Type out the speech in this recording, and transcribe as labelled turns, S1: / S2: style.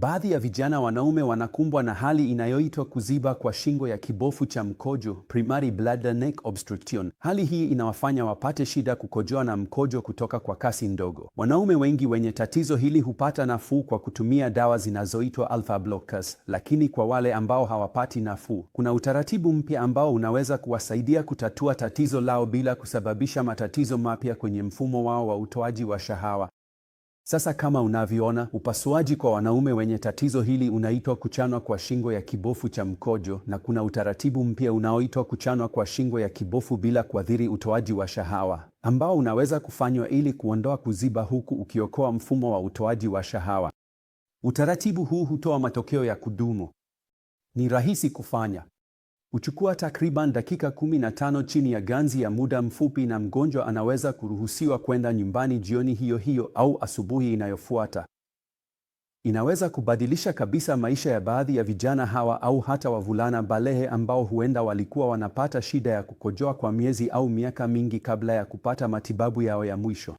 S1: Baadhi ya vijana wanaume wanakumbwa na hali inayoitwa kuziba kwa shingo ya kibofu cha mkojo, primary bladder neck obstruction. Hali hii inawafanya wapate shida kukojoa na mkojo kutoka kwa kasi ndogo. Wanaume wengi wenye tatizo hili hupata nafuu kwa kutumia dawa zinazoitwa alpha blockers, lakini kwa wale ambao hawapati nafuu, kuna utaratibu mpya ambao unaweza kuwasaidia kutatua tatizo lao bila kusababisha matatizo mapya kwenye mfumo wao wa utoaji wa shahawa. Sasa kama unavyoona, upasuaji kwa wanaume wenye tatizo hili unaitwa kuchanwa kwa shingo ya kibofu cha mkojo, na kuna utaratibu mpya unaoitwa kuchanwa kwa shingo ya kibofu bila kuathiri utoaji wa shahawa, ambao unaweza kufanywa ili kuondoa kuziba huku ukiokoa mfumo wa utoaji wa shahawa. Utaratibu huu hutoa matokeo ya kudumu. Ni rahisi kufanya huchukua takriban dakika 15 chini ya ganzi ya muda mfupi, na mgonjwa anaweza kuruhusiwa kwenda nyumbani jioni hiyo hiyo au asubuhi inayofuata. Inaweza kubadilisha kabisa maisha ya baadhi ya vijana hawa au hata wavulana balehe ambao huenda walikuwa wanapata shida ya kukojoa kwa miezi au miaka mingi kabla ya kupata matibabu yao ya mwisho.